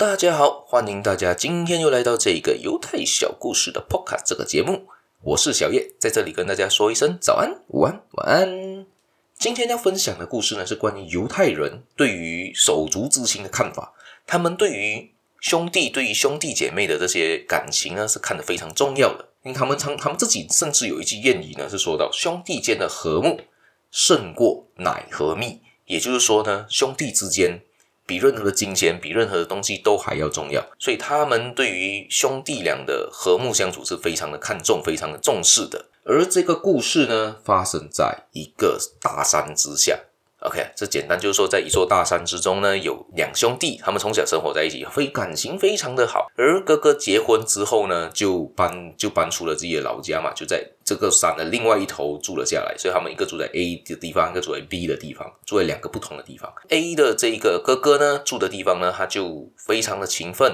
大家好，歡迎大家今天又來到這一個猶太小故事的 Podcast 這個節目，我是小葉，在這裡跟大家說一聲早安、午安、晚安。今天要分享的故事呢，是關於猶太人對於手足之情的看法。他們對於兄弟、對於兄弟姐妹的這些感情呢，是看得非常重要的。因為他們常，他們自己甚至有一句諺語呢，是說到兄弟間的和睦勝過奶和蜜。也就是說呢，兄弟之間，比任何的金錢，比任何的東西都還要重要。所以，他們對於兄弟倆的和睦相處是非常的看重、非常的重視的。而這個故事呢，發生在一個大山之下。OK，這簡單就是說，在一座大山之中呢，有兩兄弟，他們從小生活在一起，非，感情非常的好。而哥哥結婚之後呢，就搬就搬出了自己的老家嘛，就在這個山的另外一頭住了下來，所以他們一個住在 A 的地方，一個住在 B 的地方，住在兩個不同的地方。A 的這個哥哥呢，住的地方呢，他就非常的勤奮，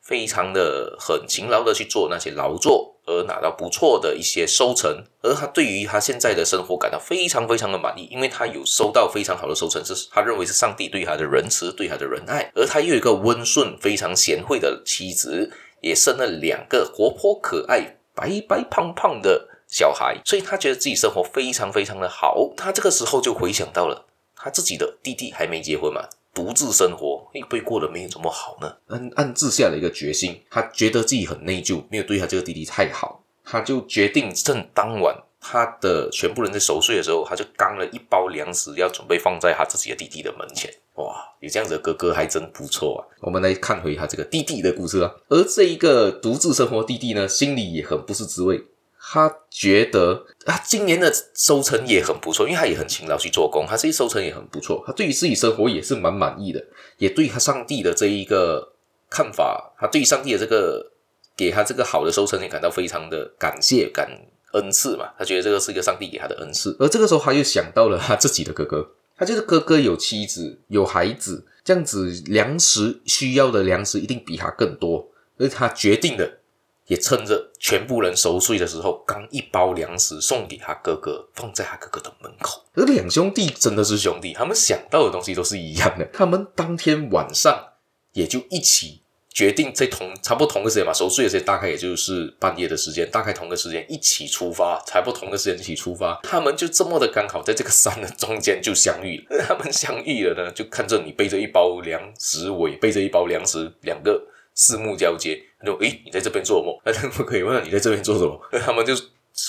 非常的很勤勞的去做那些勞作，而拿到不錯的一些收成，而他對於他現在的生活感到非常非常的滿意，因為他有收到非常好的收成，是他認為是上帝對他的仁慈，對他的仁愛。而他又有一個溫順、非常賢惠的妻子，也生了兩個活潑可愛、白白胖胖的小孩，所以他覺得自己生活非常非常的好。他這個時候就回想到了他自己的弟弟還沒結婚嘛。獨自生活，會不會過得沒有怎麼好呢？暗暗自下了一個決心，他覺得自己很內疚，沒有對他這個弟弟太好，他就決定趁當晚他的全部人在熟睡的時候，他就幹了一包糧食，要準備放在他自己的弟弟的門前。哇，有這樣子的哥哥還真不錯啊！我們來看回他這個弟弟的故事啊。而這一個獨自生活弟弟呢，心裡也很不是滋味。他覺得啊，今年的收成也很不錯，因為他也很勤勞去做工，他自己收成也很不錯。他對於自己生活也是蠻滿意的，也對他上帝的這一個看法，他對於上帝的這個給他這個好的收成也感到非常的感謝，感恩賜嘛。他覺得這個是一個上帝給他的恩賜。而這個時候，他又想到了他自己的哥哥，他就是哥哥有妻子有孩子，這樣子糧食需要的糧食一定比他更多，所以他決定的。也趁着全部人熟睡的時候，剛一包糧食送給他哥哥，放在他哥哥的門口。而兩兄弟真的是兄弟，他們想到的東西都是一樣的。他們當天晚上也就一起決定在同，差不多同個時間吧，熟睡的時間大概也就是半夜的時間，大概同個時間一起出發，差不多同個時間一起出發。他們就這麼的剛好在這個山的中間就相遇了。他們相遇了呢，就看着你背着一包糧食尾，我背着一包糧食，兩個。四目交接，他說：“誒，你在這邊做夢？”那他可以問你在這邊做什麼？他們就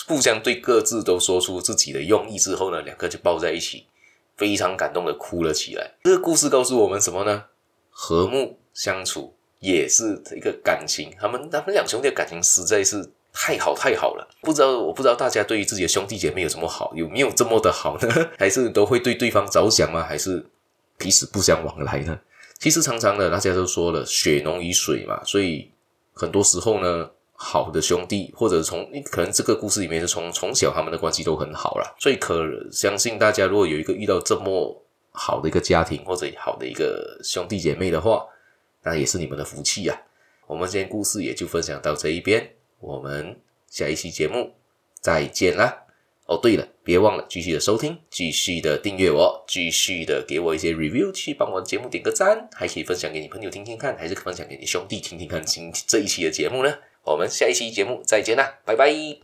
互相對各自都說出自己的用意之後呢，兩個就抱在一起，非常感動的哭了起來。這個故事告訴我們什麼呢？和睦相處也是一個感情。他們他們兩兄弟的感情實在是太好太好了。不知道我不知道大家對於自己的兄弟姐妹有什麼好？有沒有這麼的好呢？還是都會對對方着想嗎？還是彼此不相往來呢？其實常常的，大家都說了“血濃於水”嘛，所以很多時候呢，好的兄弟或者從可能這個故事裡面是從從小他們的關係都很好了。所以，可相信大家如果有一個遇到這麼好的一個家庭或者好的一個兄弟姐妹的話，那也是你們的福氣呀、啊。我們今天故事也就分享到這一邊，我們下一期節目再見啦。哦，對了，別忘了繼續的收聽，繼續的訂閱我，繼續的給我一些 review，去幫我的節目點個讚，還可以分享給你朋友聽聽看，還是分享給你兄弟聽聽看。今這一期的節目呢，我們下一期節目再見啦，拜拜。